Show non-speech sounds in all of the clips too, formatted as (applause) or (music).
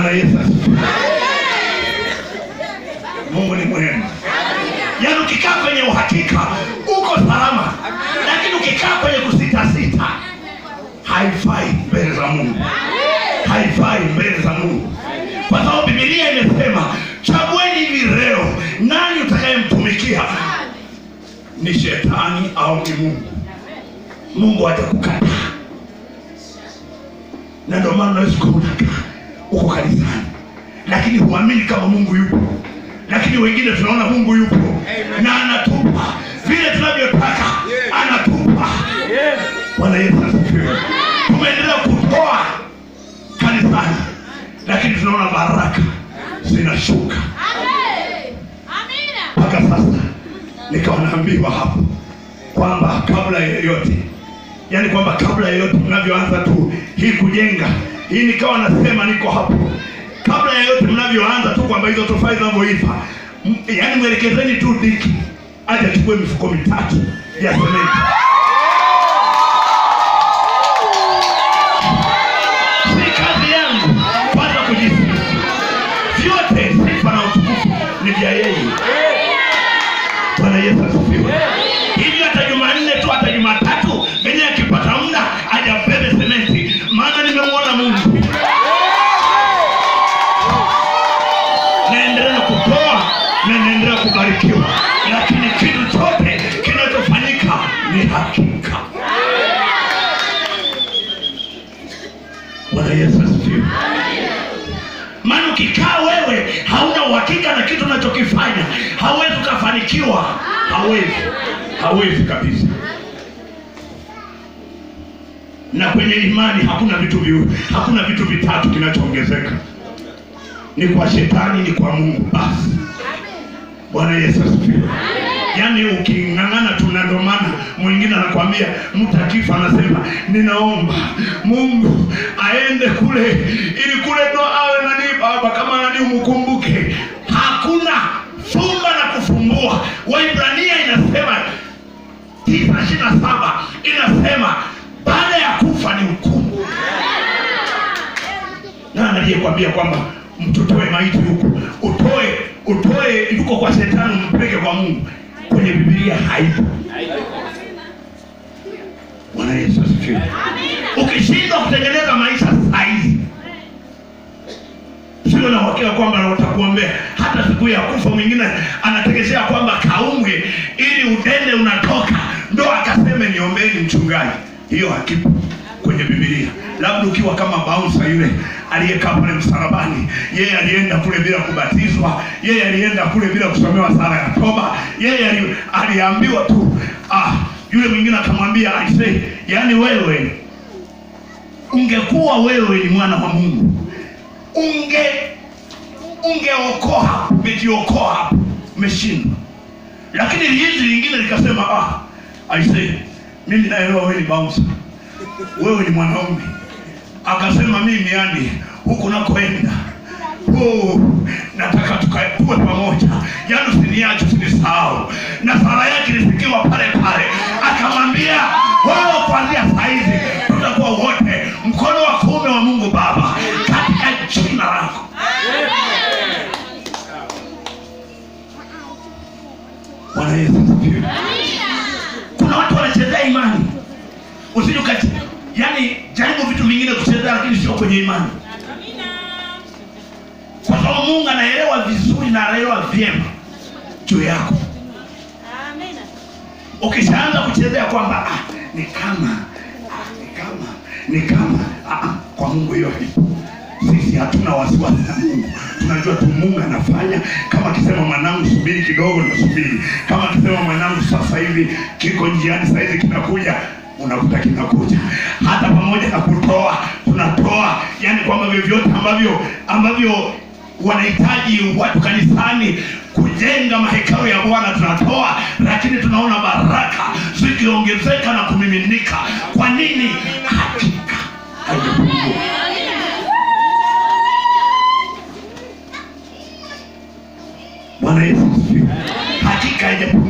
Bwana Yesu asifiwe. Mungu ni mwema. Yaani ukikaa kwenye uhakika uko salama, lakini ukikaa kwenye kusitasita haifai mbele za Mungu, haifai mbele za Mungu, kwa sababu Biblia imesema chagueni hivi leo nani utakayemtumikia, ni shetani au ni Mungu. Mungu atakukataa, na ndio maana Yesu kukataa uko kanisani, lakini huamini kama Mungu yupo. Lakini wengine tunaona Mungu yupo Amen. na anatupa vile tunavyotaka yes. anatupa yes. Bwana Yesu asifiwe. Tumeendelea kutoa kanisani, lakini tunaona baraka zinashuka mpaka sasa. Nikawa naambiwa hapo kwamba kabla ya yoyote, yaani kwamba kabla ya yoyote, tunavyoanza tu hii kujenga hii nikawa nasema niko hapo kabla ya yote mnavyoanza tu kwamba hizo tofali zinavyoiva, yaani mwelekezeni tu Diki aje achukue mifuko mitatu ya sementi. Si kazi yangu kujisifu, vyote sifa na utukufu ni vya yeye. Bwana Yesu Bwana Yesu asifiwe. Maana ukikaa wewe hauna uhakika na kitu unachokifanya, hauwezi ukafanikiwa, hauwezi, hauwezi kabisa. Na kwenye imani hakuna vitu viwili, hakuna vitu vitatu kinachoongezeka, ni kwa shetani, ni kwa Mungu. Basi Bwana Yesu asifiwe. Yaani uking'ang'ana tunandomana, mwingine anakwambia mtakifa, anasema ninaomba Mungu aende kule ili kule ndo awe nani baba kama nani, umkumbuke. Hakuna fumba na kufumbua. Waibrania inasema tisa ishirini na saba inasema baada ya kufa ni hukumu. Nani aliyekwambia kwamba mtutoe maiti huku, utoe utoe yuko kwa shetani, mpeleke kwa Mungu? kwenye Biblia haipo. Bwana Yesu asifiwe. Ukishindwa kutengeneza maisha saizi, sio na uhakika kwamba watakuombea hata siku ya kufa. Mwingine anategezea kwamba kaumwe ili udene unatoka, ndo akaseme niombeni mchungaji. Hiyo hakipo kwenye Biblia. Labda ukiwa kama bouncer yule aliyekaa pale msalabani, yeye alienda kule bila kubatizwa, yeye alienda kule bila kusomewa sala ya toba, yeye aliambiwa tu ah, yule mwingine akamwambia say, yani wewe ungekuwa wewe ni mwana wa Mungu unge ungeokoa umejiokoa umeshindwa. Lakini hizi lingine likasema ah, say, mimi naelewa wewe ni bouncer wewe ni mwanaume. Akasema mimi yani, huku nakoenda Oh, nataka tukae pamoja, yaani usiniache, usinisahau. Na sala yake ilisikiwa pale pale, akamwambia wao, kuanzia saa hizi tutakuwa wote mkono wa kuume wa Mungu Baba katika jina lako. Bwana Yesu asifiwe usije ukati, yani jaribu vitu vingine kucheza, lakini sio kwenye imani, kwa sababu Mungu anaelewa vizuri na anaelewa vyema juu yako. Ukishaanza kuchezea kwamba ah, ni kama ah, ni kama ni kama ah, ah, kwa Mungu hiyo haipo. Sisi hatuna wasiwasi na Mungu, tunajua tu Mungu anafanya. Kama akisema mwanangu, subiri kidogo, na subiri Kama akisema mwanangu, sasa hivi kiko njiani, saizi kinakuja unakuta kinakuja hata pamoja na kutoa, tunatoa yani kwamba vyovyote ambavyo ambavyo wanahitaji watu kanisani kujenga mahekalo ya Bwana tunatoa, lakini tunaona baraka zikiongezeka na kumiminika. Kwa nini? Hakika haijapungua. Bwana Yesu, hakika haijapungua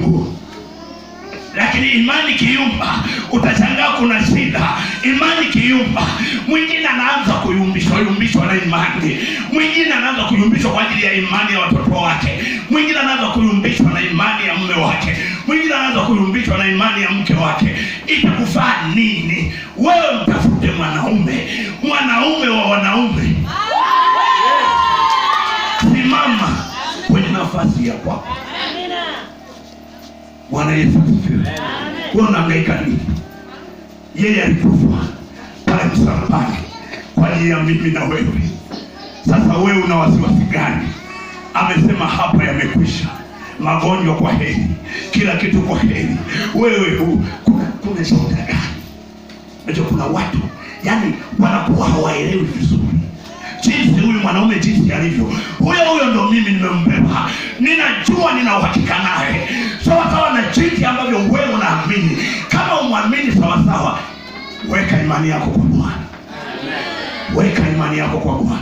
lakini imani kiyumba, utashangaa kuna shida. Imani kiyumba, mwingine anaanza kuyumbishwa yumbishwa na imani, mwingine anaanza kuyumbishwa kwa ajili ya imani ya watoto wake, mwingine anaanza kuyumbishwa na imani ya mume wake, mwingine anaanza kuyumbishwa na imani ya mke wake. Itakufaa nini wewe? Mtafute mwanaume, mwanaume wa wanaume. Simama kwenye nafasi ya kwako. Bwana Yesu asifiwe. Wewe unahangaika nini? Yeye alikufa pale msalabani kwa ajili ya mimi na wewe. Sasa wewe una wasiwasi gani? Amesema hapa yamekwisha. Magonjwa kwa heri, kila kitu kwa heri. Wewe hu, kuna kuna shida gani? Unajua kuna watu yani wanakuwa hawaelewi vizuri jinsi huyu mwanaume jinsi alivyo, huyo huyo ndo mimi nimembeba, ninajua, nina uhakika naye sawasawa na jinsi ambavyo wewe unaamini. Kama umwamini sawasawa, weka imani yako kwa Bwana, weka imani yako kwa Bwana.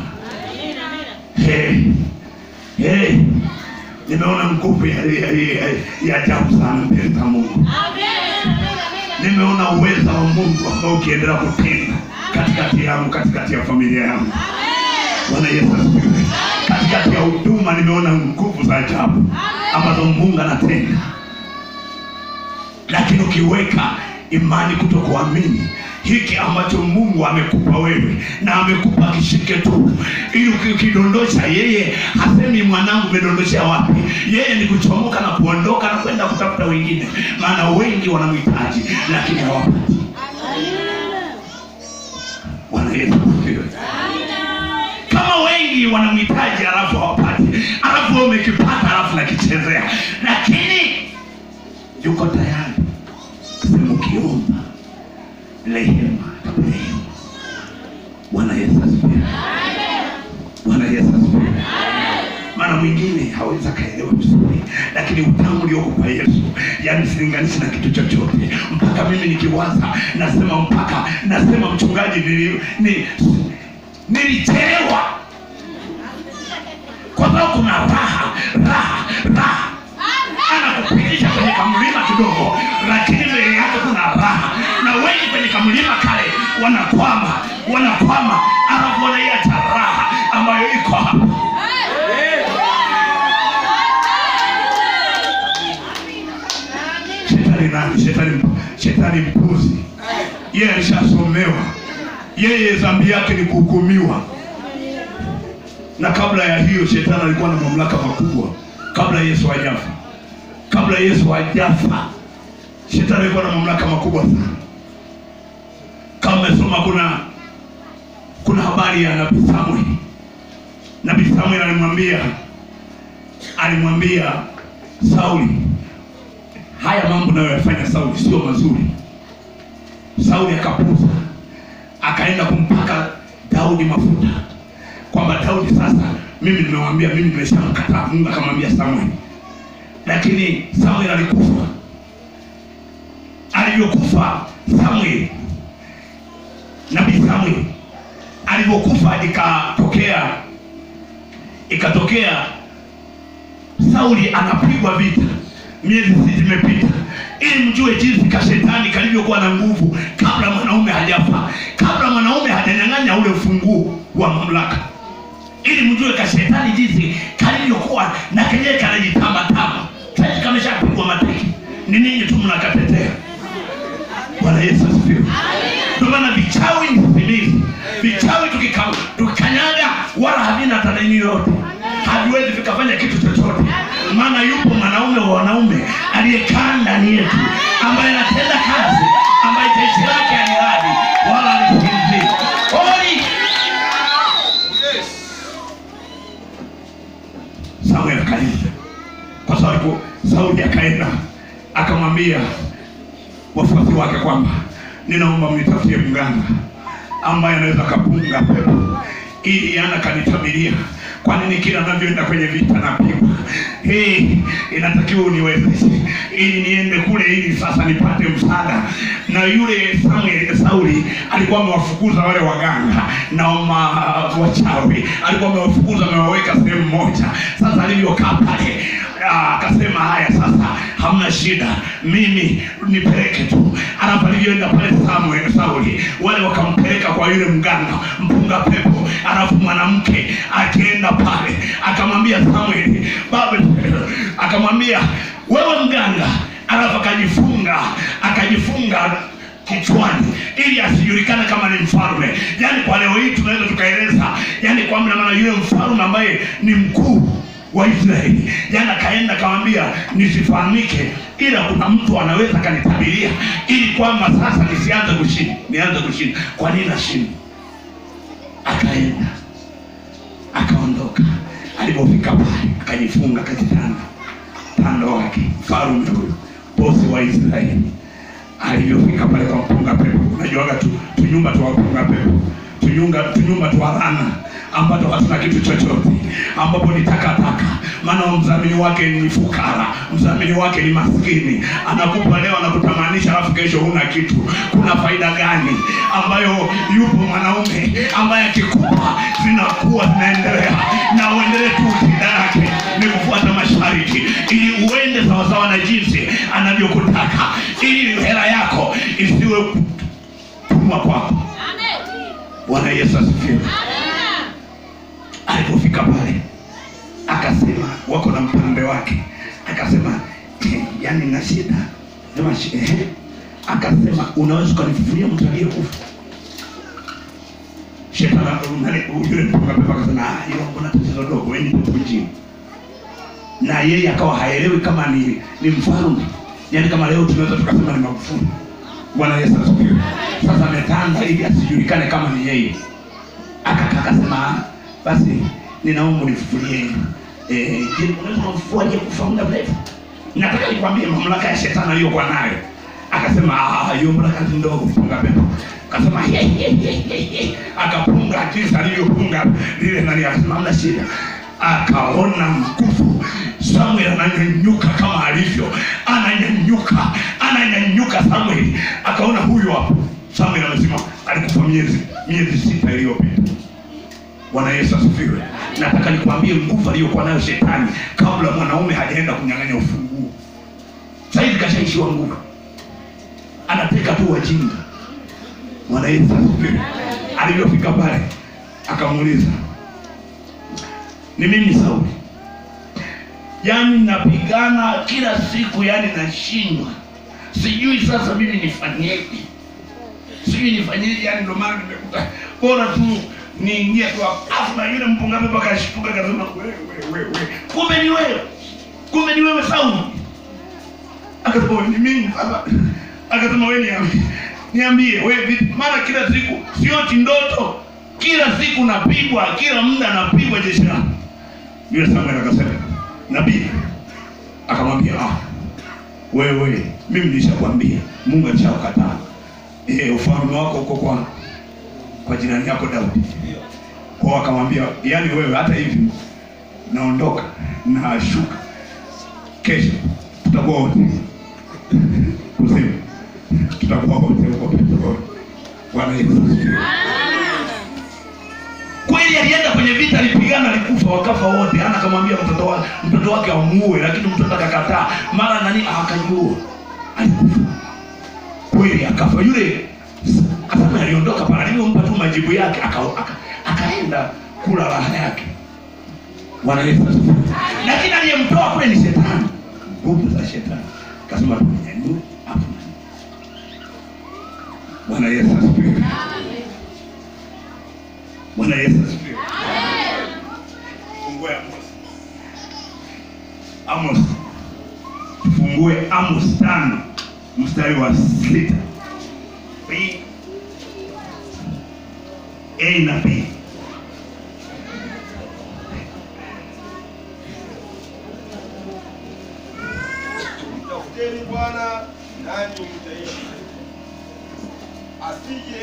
Hey, hey, nimeona mkufu ya ajabu sana mbele za Mungu. Nimeona uweza wa Mungu ambao ukiendelea kutenda katikati yangu, katikati ya familia yangu. Bwana Yesu asifiwe. Katikati ya huduma nimeona nguvu za ajabu ambazo Mungu anatenda, lakini ukiweka imani kutokuamini hiki ambacho Mungu amekupa wewe na amekupa kishike tu, ili ukidondosha, yeye hasemi mwanangu umedondoshea wapi. Yeye ni kuchomoka na kuondoka na kwenda kutafuta wengine, maana wengi wanamhitaji lakini hawapati. Bwana Yesu wengine wanamhitaji alafu hawapati, alafu wewe umekipata, alafu nakichezea. Lakini yuko tayari kusema ukiomba rehema Bwana Yesu asifiwe. Bwana Yesu asifiwe. Mara mwingine hawezi akaelewa vizuri, lakini utamu ulioko kwa Yesu yani silinganishi na kitu chochote. Mpaka mimi nikiwaza nasema, mpaka nasema mchungaji, nili, nilichelewa kwa sababu kuna raha raha raha anakupitisha kwenye kamlima kidogo, lakini mbele yake kuna raha. Na wengi kwenye kamlima kale wanakwama, wanakwama, alafu wanaiacha raha ambayo iko hapa. Shetani, shetani mpuzi. Yeye alishasomewa, yeye dhambi yake ni kuhukumiwa na kabla ya hiyo shetani alikuwa na mamlaka makubwa, kabla Yesu hajafa. Kabla Yesu hajafa, shetani alikuwa na mamlaka makubwa sana. Kama mesoma, kuna kuna habari ya nabii Samuel. Nabii Samuel alimwambia alimwambia Sauli, haya mambo nayoyafanya Sauli sio mazuri. Sauli akapuza akaenda kumpaka Daudi mafuta kwamba Daudi sasa, mimi nimewambia, mimi nimeshamkataa. Mungu akamwambia Samueli, lakini Samueli alikufa. Alivyokufa Samueli, nabii Samueli alivyokufa, ikatokea ikatokea Sauli anapigwa vita, miezi sita imepita, ili mjue jinsi ka shetani kalivyokuwa na nguvu kabla mwanaume hajafa, kabla mwanaume hajanyang'anya ule ufunguo wa mamlaka ili mjue ka shetani jinsi kalivyokuwa na kenyewe kanajitambatama. Sasa kameshapigwa mateke, ni ninyi tu mnakatetea. Bwana Yesu asifiwe. Ndio maana vichawi ni Vichawi tukikanyaga, wala havina tadani yote haviwezi vikafanya kitu chochote, maana yupo mwanaume wa wanaume aliyekaa ndani yetu ambaye anatenda kazi ambaye taishi lake Sauli akaenda akamwambia wafuasi wake kwamba ninaomba mnitafutie mganga ambaye anaweza kapunga pepo ili ana kanitabilia kwa nini kila ninavyoenda kwenye vita napigwa? Hii inatakiwa uniwezeshe ili niende kule, ili sasa nipate msaada. Na yule Samuel Sauli alikuwa amewafukuza wale waganga na wachawi, alikuwa amewafukuza amewaweka sehemu moja. Sasa alivyokaa pale Ah, akasema haya sasa, hamna shida, mimi nipeleke tu. Alafu alivyoenda pale Samuel, Sauli wale wakampeleka kwa yule mganga mpunga pepo. Alafu mwanamke akienda pale akamwambia Samuel, baba, akamwambia wewe mganga. Alafu akajifunga akajifunga kichwani ili asijulikane kama ni mfalme. Yaani kwa leo hii tunaweza tukaeleza, yani kwa maana yule mfalme ambaye ni mkuu Waisraeli. Jana kaenda kawambia, nisifahamike, ila kuna mtu anaweza kanitabiria ili kwamba sasa nisianze kushinda, nianze kushinda. Kwa nini nashinda? Akaenda akaondoka, alipofika pale akajifunga kajitanda tando wake, mfarume huyo bosi wa Israeli alivyofika pale kwa mpunga pepo. Unajuaga tu tunyumba tu tuwapunga pepo, tunyunga tunyumba tu tuwaana ambapo hatuna kitu chochote, ambapo ni takataka, maana mdhamini wake ni fukara, mdhamini wake ni maskini. Anakupa leo anakutamanisha, alafu kesho huna kitu. Kuna faida gani ambayo yupo mwanaume ambaye akikupa zinakuwa zinaendelea, na uendelee tu shida yake ni kufuata mashariki, ili uende sawasawa na jinsi anavyokutaka, ili hela yako isiwe tumwa kwako. Bwana Yesu asifiwe. wako na mpambe wake. Akasema yani na shida eh. Akasema unaweza kunifufulia mtu aliyekufa? Shetani yule mpambe akasema ah, hiyo mbona tatizo dogo, wewe ni mjini. Na yeye akawa haelewi kama ni ni mfalme, yani kama leo tunaweza tukasema ni Magufuli. Bwana Yesu asifiwe. Sasa ametanda ili asijulikane kama ni yeye. Akakakasema ah, basi ninaomba nifufulie eh, eh unamfua je kufa muda mrefu? Nataka nikwambie mamlaka ya shetani aliyokuwa nayo. Akasema ah, hiyo baraka ndogo kufunga pepo. Akasema ye ye ye ye, akapunga jinsi alivyopunga lile nani, akasema hamna shida. Akaona mkufu Samuel ananyanyuka kama alivyo, ananyanyuka ananyanyuka. Samuel akaona huyo hapo, Samuel amesema alikufa miezi miezi sita iliyopita. Bwana Yesu asifiwe. Nataka nikwambie nguvu aliyokuwa nayo shetani kabla mwanaume hajaenda kunyang'anya ufunguo. Sasa hivi kashaishiwa nguvu, anateka tu wajinga. Bwana Yesu asifiwe. Alivyofika pale akamuuliza, ni mimi Sauli? Yaani napigana kila siku, yaani nashindwa, sijui sasa mimi nifanyeje, sijui nifanyeje. Yaani ndio maana nimekuta bora tu niingie tu afu na yule mpungame mpaka ashtuka akasema wewe wewe wewe kumbe ni wewe kumbe ni wewe Sauli akasema wewe ni mimi sasa akasema wewe ni niambie niambie wewe vipi mara kila siku sioti ndoto kila siku napigwa kila muda napigwa jeshi la yule Samuel akasema nabii akamwambia ah wewe mimi nishakwambia Mungu alishakataa eh ufalme wako uko kwangu kwa jirani yako Daudi. Kwa akamwambia, yaani wewe hata hivi naondoka, na ashuka kesho tutakuwa wote kusema, tutakuwa wote huko peponi. Bwana Yesu asifiwe. Kweli alienda kwenye vita, alipigana, alikufa, wakafa wote. Ana kamwambia mtoto wake mtoto wake amuue, lakini mtoto akakataa. Mara nani ah, akajua alikufa kweli, akafa yule. Asema aliondoka pale, alimpa majibu yake aka, akaenda kula raha yake. Bwana Yesu asifiwe. Lakini aliyemtoa kule ni shetani, nguvu za shetani. Kasema tunyanyue hapo. Bwana Yesu asifiwe. Bwana Yesu asifiwe. Fungue Amos. Amos. Fungue Amos tano mstari wa sita. A na B. Mtafuteni Bwana nanyi mtaishi, asije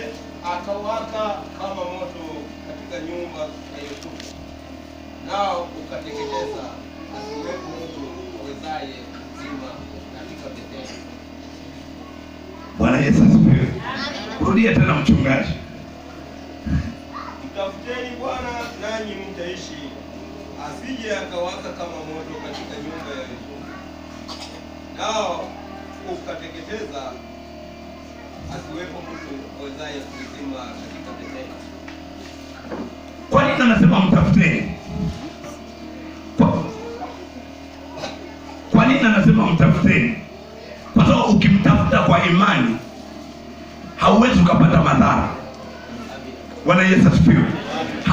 akawaka kama moto katika nyumba ya Yusufu, nao ukateketeza, asiwepo mtu awezaye kuzima katika Betheli. Bwana Yesu asifiwe. Rudia tena mchungaji mteni Bwana nanyi mtaishi, asije akawaka kama moto katika nyumba ya Mungu nao ukateketeza, asiwepo mtu awezaye kuizima katika Betheli. Kwa nini anasema mtafuteni? Kwa nini anasema mtafuteni? Kwa sababu ukimtafuta kwa imani hauwezi ukapata madhara. Bwana Yesu asifiwe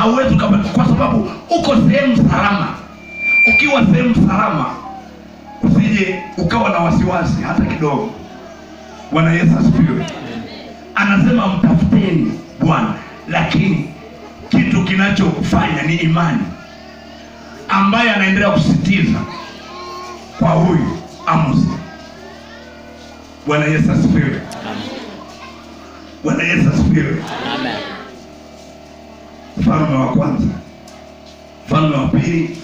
hauwezi kwa sababu uko sehemu salama. Ukiwa sehemu salama, usije ukawa na wasiwasi hata kidogo. Bwana Yesu asifiwe. Anasema mtafuteni Bwana, lakini kitu kinachokufanya ni imani ambaye anaendelea kusitiza kwa huyu Amosi. Bwana Yesu asifiwe. Bwana Yesu asifiwe. Amen. Mfalme wa kwanza, Mfalme wa pili,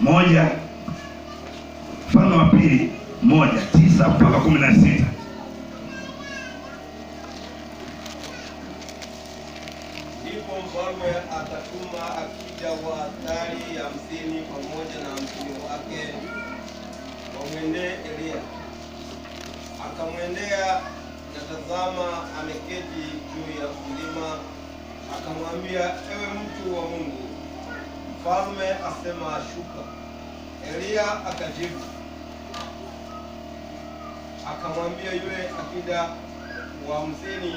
moja, Mfalme wa pili moja tisa mpaka kumi na sita. Ndipo mfalme atatuma akija wa askari hamsini pamoja na hamsini wake wamwendee Eliya, akamwendea tazama ameketi juu ya mlima. Akamwambia, ewe mtu wa Mungu, mfalme asema ashuka Eliya akajibu akamwambia yule akida wa hamsini,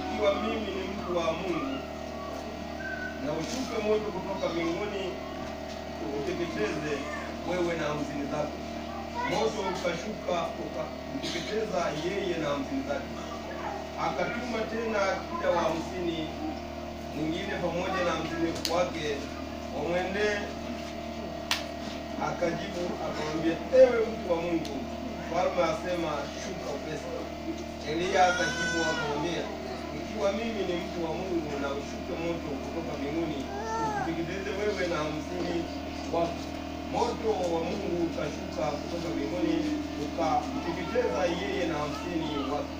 ikiwa mimi ni mtu wa Mungu, na ushuke moto kutoka mbinguni ukuteketeze wewe na hamsini zako moto ukashuka ukateketeza yeye na hamsini zake. Akatuma tena kida wa hamsini mwingine pamoja na hamsini wake wamwendee, akajibu akamwambia, ewe mtu wa Mungu, mfalme asema shuka upesi. Eliya akajibu akamwambia, ikiwa mimi ni mtu wa Mungu na ushuke moto ukashuka kutoka mbinguni ukamteketeza yeye na hamsini wake.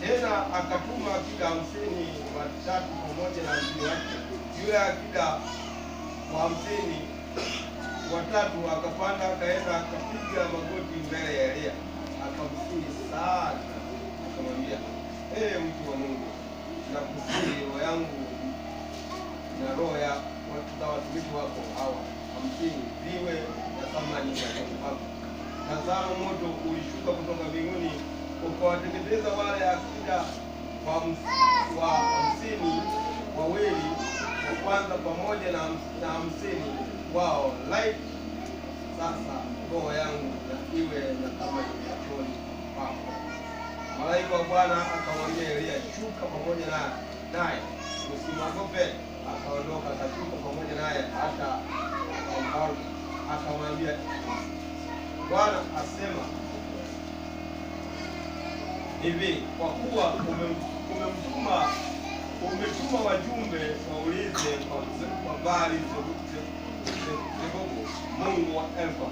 Tena akatuma kila hamsini watatu pamoja na hamsini wake. Yule akida wa hamsini watatu akapanda akaenda akapiga magoti mbele ya Elia akamsihi sana, akamwambia ee, mtu wa Mungu, nakusihi roho yangu na roho ya watumishi wako hawa hamsini viwe tazama nyumbani kwako. Tazama moto ulishuka kutoka mbinguni ukawateketeza wale akida wa hamsini wawili wa kwanza pamoja na hamsini wao. Laiti sasa roho yangu na iwe na thamani machoni pako. Malaika wa Bwana akamwambia Eliya, shuka pamoja naye, usimwogope. Akaondoka, akashuka pamoja naye hata akamwambia, Bwana asema hivi, kwa kuwa umemtuma umetuma wajumbe waulize kwa mbali Zerubbabeli Mungu wa eva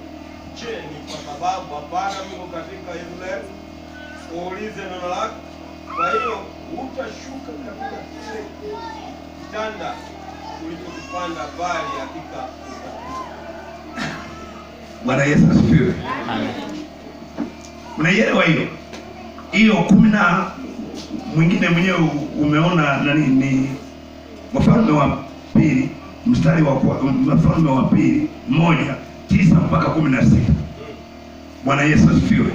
je, ni kwa sababu hapana Mungu katika Yerusalemu? Waulize neno lako. Kwa hiyo utashuka katika kile kitanda ulichokipanda, bali hakika Bwana Yesu asifiwe. Mnaielewa hiyo hiyo kumi na mwingine mwenyewe umeona nani ni Wafalme wa pili mstari wa Wafalme wa pili moja tisa mpaka kumi na sita Bwana Yesu asifiwe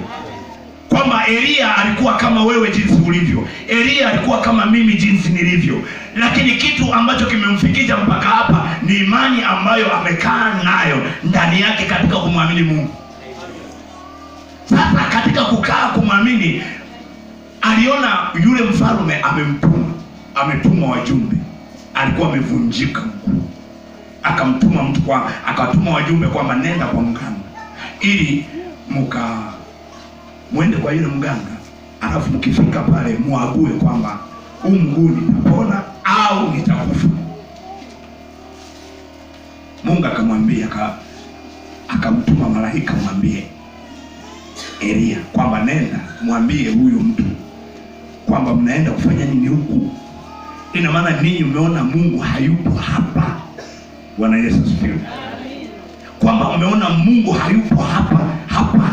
kwamba Elia alikuwa kama wewe jinsi ulivyo. Elia alikuwa kama mimi jinsi nilivyo lakini kitu ambacho kimemfikisha mpaka hapa ni imani ambayo amekaa nayo ndani yake katika kumwamini Mungu. Sasa katika kukaa kumwamini, aliona yule mfalme amemtuma, ametuma wajumbe, alikuwa amevunjika akamtuma mtu kwa, akatuma wajumbe kwamba nenda kwa mganga ili muka mwende kwa yule mganga, alafu mkifika pale muague kwamba huu mguu nitapona au nitakufa. Mungu akamwambia akamtuma malaika mwambie Elia kwamba nenda mwambie huyu mtu kwamba mnaenda kufanya nini huku. Ina maana ninyi mmeona Mungu hayupo hapa. Bwana Yesu asifiwe. Kwamba mmeona Mungu hayupo hapa hapa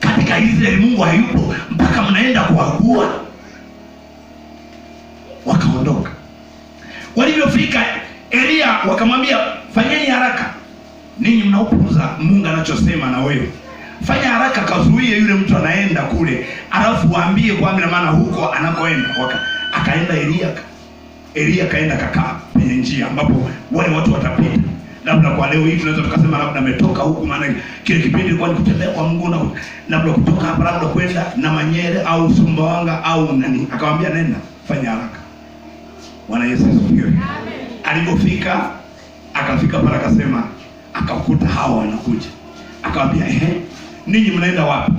katika Israeli, Mungu hayupo mpaka mnaenda kuagua Walivyofika Elia wakamwambia, fanyeni haraka, ninyi mnaupuuza Mungu anachosema na wewe fanya haraka, kazuie yule mtu anaenda kule, alafu waambie kwa na maana huko anakoenda. Akaenda Elia, Elia kaenda kakaa kwenye njia ambapo wale watu watapita. Labda kwa leo hii tunaweza tukasema labda ametoka huku, maana kile kipindi ilikuwa ni kutembea kwa Mungu na labda kutoka hapa labda kwenda na Manyere au Sumbawanga au nani. Akamwambia nenda, fanya haraka. Bwana Yesu asifiwe. Alipofika akafika pale akasema, akakuta hawa wanakuja, akawaambia ehe, ninyi mnaenda wapi?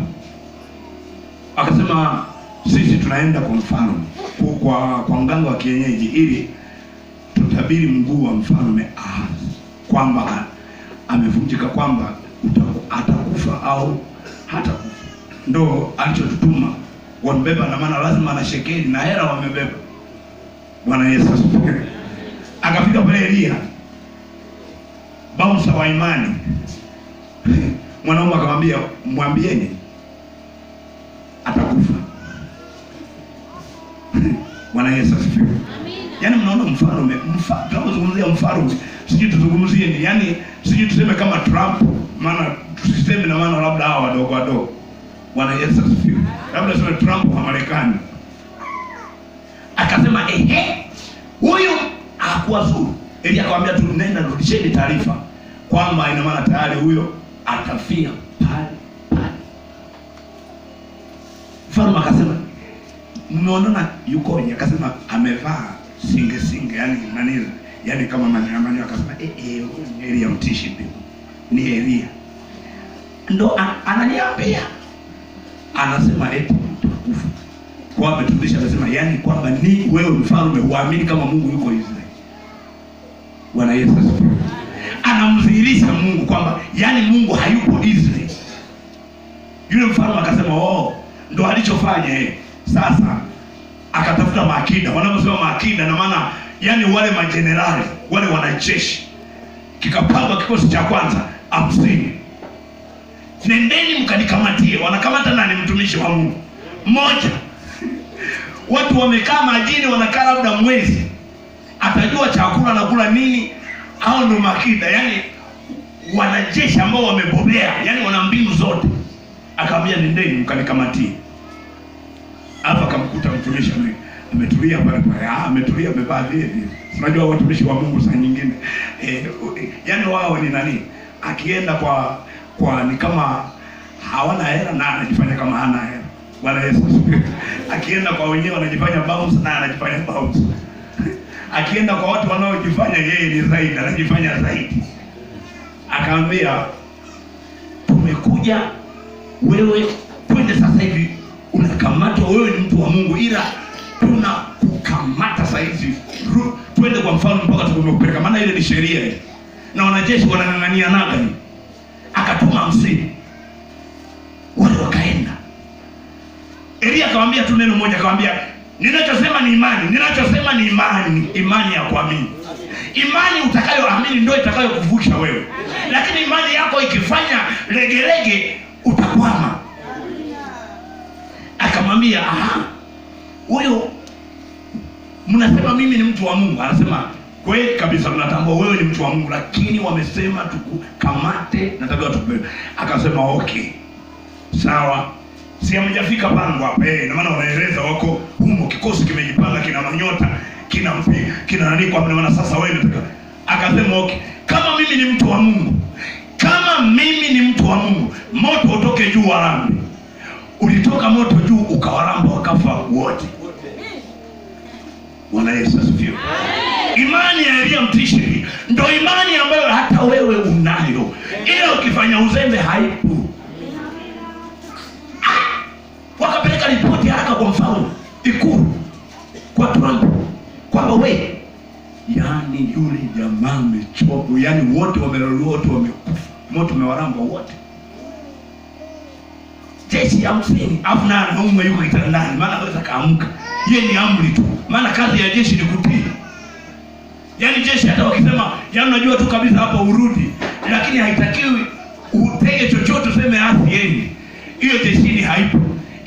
Akasema sisi tunaenda kwa mfalme, kwa kwa mganga wa kienyeji, ili tutabiri mguu wa mfalme Ahazi kwamba amevunjika, kwamba atakufa au hata kufa. Ndo alichotutuma wambeba, na maana lazima na shekeli na hela wamebeba Bwana Yesu asifiwe. Akafika pale Elia, bausa wa imani mwanaume akamwambia, mwambieni atakufa. Bwana Yesu asifiwe. Yaani mnaona mfalme, mfalme tunapozungumzia mfalme, sijui tuzungumzie ni yaani, sijui tuseme kama Trump, maana tusiseme na maana labda hawa wadogo wadogo. Bwana Yesu asifiwe. Labda tuseme Trump wa Marekani akasema ehe, huyu hakuwa zuru. Ili akamwambia tu, nenda rudisheni taarifa kwamba ina maana tayari huyo atafia pale pale. Mfalme akasema mnaonana yukoje? Akasema amevaa singe singe, yani nani, yani kama maneno maneno. Akasema eh eh, Elia mtishi pia ni Elia, ndo ananiambia anasema eti kwao ametundisha, anasema yaani kwamba ni wewe mfalme huamini kama Mungu yuko Israeli. Bwana Yesu asifiwe. Anamdhihirisha Mungu kwamba yani Mungu hayupo Israeli. Yule mfalme akasema oh, ndo alichofanya eh. Sasa akatafuta maakida, wanaposema maakida na maana yani wale majenerali wale wanajeshi, kikapangwa kikosi cha kwanza hamsini, nendeni mkanikamatie. Wanakamata nani? Mtumishi wa Mungu mmoja Watu wamekaa majini, wanakaa labda mwezi, atajua chakula anakula nini? Au ndo makida, yani wanajeshi ambao wamebobea, yani wana mbinu zote. Akamwambia nendeni mkanikamatie. hapa. akamkuta mtumishi ametulia pale pale, ah, ametulia amevaa hivi. Unajua watumishi wa Mungu saa nyingine eh, yani wao ni nani, akienda kwa kwa ni kama hawana hela na anajifanya kama hana hela Bwana Yesu asifiwe. Akienda kwa wenyewe anajifanya bounce na anajifanya bounce. Akienda kwa watu wanaojifanya yeye ni zaidi, anajifanya zaidi. Akaambia tumekuja wewe, twende sasa hivi. Unakamatwa, wewe ni mtu wa Mungu, ila tuna kukamata sasa hivi, twende kwa mfalme mpaka tukumekupeleka, maana ile ni sheria ile, na wanajeshi wanang'ang'ania naga. Akatuma hamsini, wale wakaenda Elia akamwambia tu neno moja, akamwambia ninachosema ni imani, ninachosema ni imani, imani ya kuamini. Imani utakayoamini ndio itakayokuvusha wewe, lakini imani yako ikifanya legelege utakwama. Akamwambia huyo, mnasema mimi ni mtu wa Mungu. Anasema kweli kabisa, mnatambua wewe ni mtu wa Mungu, lakini wamesema tukukamate, nataka tukubebe. Akasema okay, sawa si hamjafika pango hapa eh, na maana wanaeleza wako humo, kikosi kimejipanga, kina manyota, kina mpira, kina nani, kwa maana sasa wewe unataka. Akasema okay, kama mimi ni mtu wa Mungu, kama mimi ni mtu wa Mungu, moto utoke juu warambe. Ulitoka moto juu ukawaramba wakafa wote. Bwana Yesu asifiwe. Imani ya Elia Mtishbi ndio imani ambayo hata wewe unayo, ila ukifanya uzembe haipo wakapeleka ripoti haraka kwa mfalme Ikulu, kwa Trump kwamba we, yani yule jamaa amechoka, yani wote wamelolua, wote wamekufa, moto umewaramba wote jeshi hamsini, afu na anaume yuko kitandani, maana anaweza kaamka. Yeye ni amri tu, maana kazi ya jeshi ni kutii. Yani jeshi hata wakisema, yani unajua tu kabisa hapa urudi, lakini haitakiwi utege chochote useme asi yeni, hiyo jeshini haipo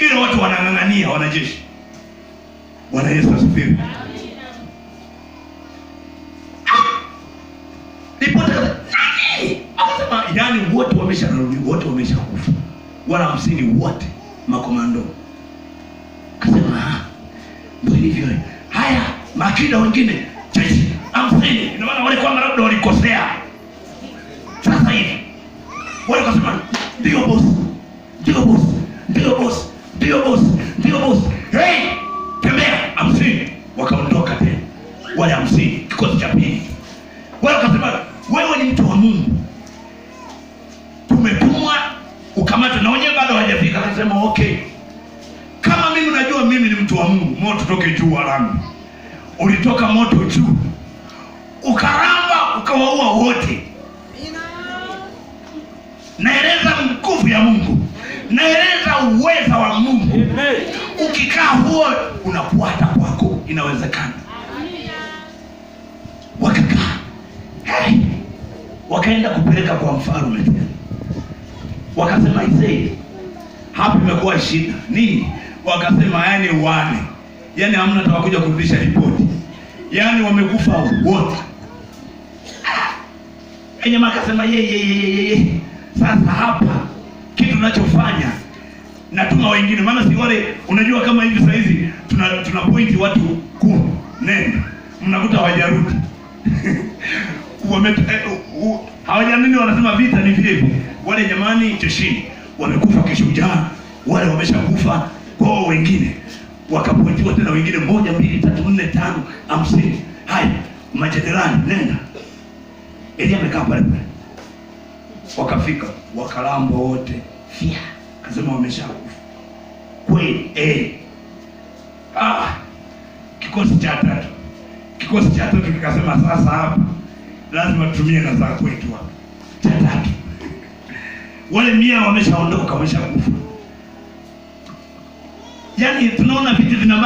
ile watu wanang'ang'ania wanajeshi. Bwana Yesu asifiwe. Yani wote wamesha narudi, wote wamesha kufa, wala hamsini wote makomando. Kasema ah, ndio hivyo. Haya, makida wengine jeshi hamsini, ina maana wale kwamba labda walikosea. Sasa hivi wale kasema ndio boss, ndio boss, ndio boss ndio bosi, ndio bosi, hey, tembea hamsini. Wakaondoka tena wale hamsini, kikosi cha pili. Wale wakasema wewe ni mtu wa Mungu, tumetumwa ukamata na wenyewe bado hawajafika. Akasema okay, kama mimi najua mimi ni mtu wa Mungu, moto toke juu wangu. Ulitoka moto juu ukaramba ukawaua wote, naeleza nguvu ya Mungu naeleza uweza wa Mungu. Ukikaa huo unakuata kwako inawezekana. Wakakaa hey, wakaenda kupeleka kwa mfalme, wakasema isei, hapa imekuwa shida nini? Wakasema yani wane, yani hamna tawakuja kurudisha ripoti, yani wamekufa wote. Enye makasema yeye, sasa hapa tunachofanya na tuma wengine, maana si wale, unajua kama hivi saa hizi tuna, tuna pointi watu kumi, nenda mnakuta hawajarudi (laughs) eh, hawajanini, wanasema vita ni vipi? wale, jamani, jeshini wamekufa kishujaa, wale wameshakufa kwao, wengine wakapointiwa tena, wengine moja, mbili, tatu, nne, tano, hamsini. Haya, majenerali, nenda. Elia amekaa pale pale, wakafika wakalamba wote wamefia. wamesha wameshakufa kweli eh. Ah, kikosi cha tatu, kikosi cha tatu kikasema sasa hapa lazima tutumie na za kwetu hapa cha tatu. Wale mia wameshaondoka, wameshakufa. Yaani tunaona vitu vinabaki.